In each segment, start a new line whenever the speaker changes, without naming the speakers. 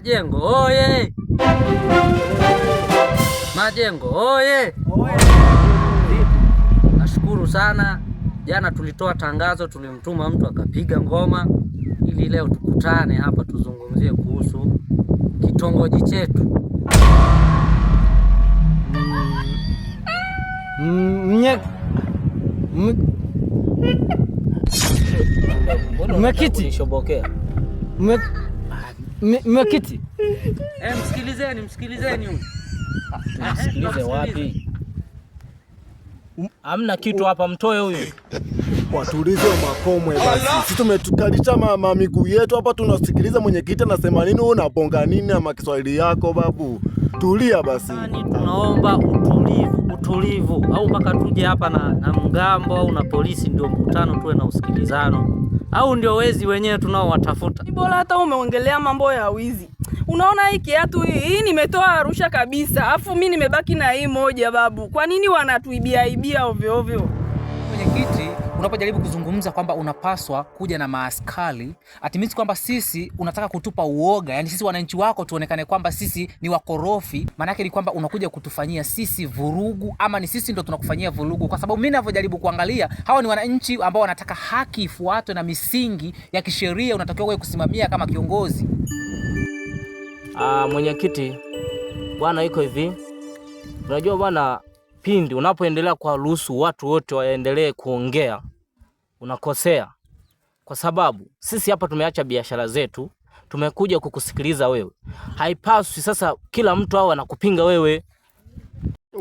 Majengo oye! Majengo oye! Nashukuru sana. Jana tulitoa tangazo, tulimtuma mtu akapiga ngoma, ili leo tukutane hapa tuzungumzie kuhusu kitongoji chetu
mwenyekiti Mmekiti?
Eh, msikilizeni, msikilizeni.
Msikilize wapi? Hamna kitu hapa, mtoe huyu.
Watulize makomwe basi. Sisi tumetukalisha mama miguu yetu hapa, tunasikiliza mwenyekiti anasema nini, wewe unabonga nini ama Kiswahili yako babu? Tulia basi.
Yaani, tunaomba utulivu, utulivu au mpaka tuje hapa na, na mgambo au na polisi ndio mkutano tuwe na usikilizano au ndio wezi wenyewe tunaowatafuta?
Ni bora hata umeongelea mambo ya wizi. Unaona hii kiatu hii hii nimetoa Arusha kabisa, afu mi nimebaki na hii moja babu. Kwa nini wanatuibia ibia ovyo ovyo?
Mwenyekiti unapojaribu kuzungumza kwamba unapaswa kuja na maaskari atimisi kwamba sisi unataka kutupa uoga, yani sisi wananchi wako tuonekane kwamba sisi ni wakorofi. maana yake ni kwamba unakuja kutufanyia sisi vurugu, ama ni sisi ndo tunakufanyia vurugu? Kwa sababu mimi navyojaribu kuangalia, hawa ni wananchi ambao wanataka haki ifuatwe na misingi ya kisheria unatakiwa wewe kusimamia kama kiongozi.
Ah, mwenyekiti bwana, iko hivi, unajua bwana pindi unapoendelea kuwaruhusu watu wote waendelee kuongea unakosea, kwa sababu sisi hapa tumeacha biashara zetu, tumekuja kukusikiliza wewe. Haipaswi sasa kila mtu awe anakupinga wewe.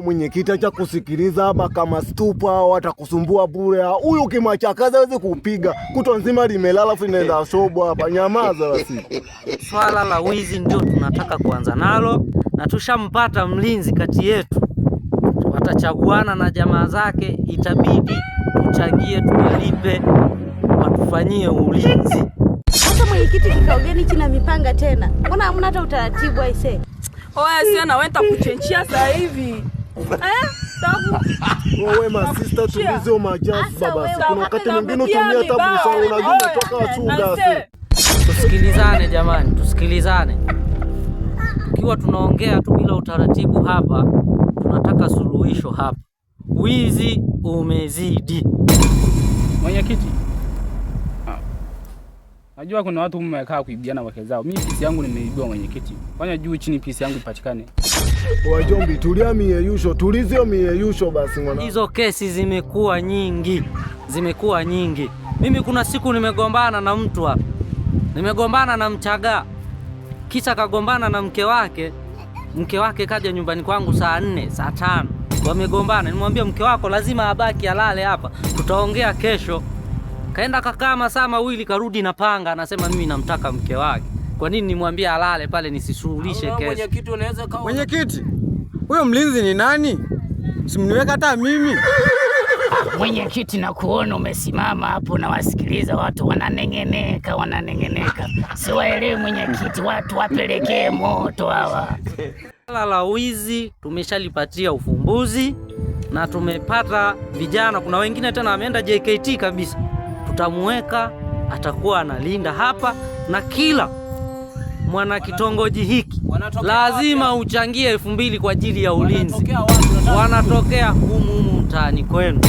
Mwenyekiti, acha kusikiliza hapa, kama stupa au atakusumbua bure. Huyu kimachakaza hawezi kupiga kutwa nzima limelala, afu inaenda sobwa hapa. Nyamaza basi.
Swala la wizi ndio tunataka kuanza nalo, na tushampata mlinzi kati yetu atachaguana na jamaa zake, itabidi tuchangie, tuwalipe, watufanyie ulinzi.
Hata mwenyekiti kikao gani china mipanga tena? Mbona hamna hata utaratibu aise?
Oya, sio na wenda kuchenchia sasa hivi. Eh?
Wewe ma sister tulizo majazi baba. Kuna wakati mwingine utumia tabu sana unajua umetoka wachunga.
Tusikilizane jamani, tusikilizane. Tukiwa tunaongea tu bila utaratibu hapa tunataka suluhisho hapa. Wizi umezidi. Mwenyekiti, ah. najua kuna watu mmekaa kuibiana wake zao. Mimi pisi yangu nimeibiwa mwenyekiti, fanya juu chini pisi yangu ipatikane.
Wajombi, tulia mieyusho, tulizio mieyusho basi
mwana. Hizo kesi zimekuwa nyingi, zimekuwa nyingi. Mimi kuna siku nimegombana na mtu hapa, nimegombana na Mchagaa, kisha kagombana na mke wake mke wake kaja nyumbani kwangu saa nne saa tano wamegombana. Nimwambia mke wako lazima abaki alale hapa, tutaongea kesho. Kaenda kakaa masaa mawili, karudi na panga, anasema mimi namtaka mke wake. Kwa nini nimwambia alale pale nisishughulishe kesho?
Mwenyekiti, huyo mlinzi ni nani? Simniweka hata mimi
Mwenyekiti, na kuona umesimama hapo na wasikiliza watu wananeng'eneka, wananeng'eneka, siwaelewe mwenyekiti. Watu wapelekee moto hawa.
Swala la wizi tumeshalipatia ufumbuzi na tumepata vijana, kuna wengine tena wameenda JKT kabisa. Tutamuweka, atakuwa analinda hapa na kila mwana kitongoji hiki lazima uchangie elfu mbili kwa ajili ya ulinzi. Wanatokea humu humu mtaani kwenu.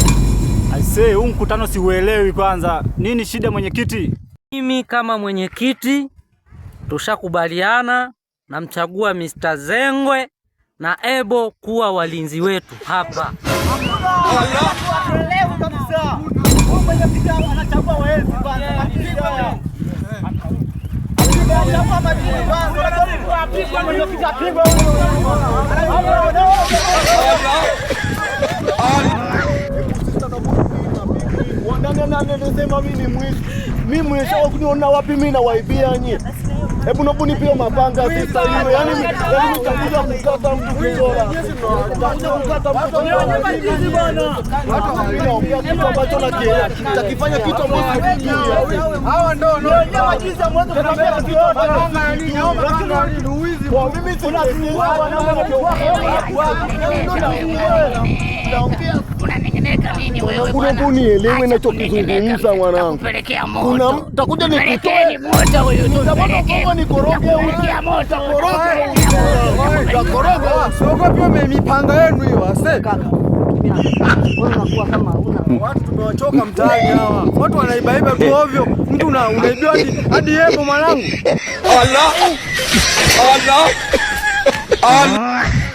Aisee, huu mkutano siuelewi. Kwanza nini shida mwenyekiti?
Mimi kama mwenyekiti tushakubaliana namchagua Mr. Zengwe na Ebo kuwa walinzi wetu hapa.
mimi mwizi. Mimi mwizi, kuniona wapi mimi nawaibia nyinyi? Hebu naomba unipe mapanga sasa hiyo. Yaani yaani kukata mtu kizora. Mtakuja kukata
mtu. Hizi bwana.
Watu wanaongea kitu ambacho nakielewa. Takifanya kitu ambacho
hawa ndio ndio nyama jinsi ya mwanzo kitu yote. Naomba ni uizi. Kwa mimi tunasikiliza wanangu na kwa. Naongea kuna kunielewe nachokizungumza mwanangu, takuja nikutoe, utabona kama nikoroge utakoroga. Siogopi mipanga yenu hiyo ase watu tumewachoka mtaani hawa. Watu wanaibaiba tu ovyo, mtu unaibiwa hadi yebo mwanangu. Allah Allah Allah oh.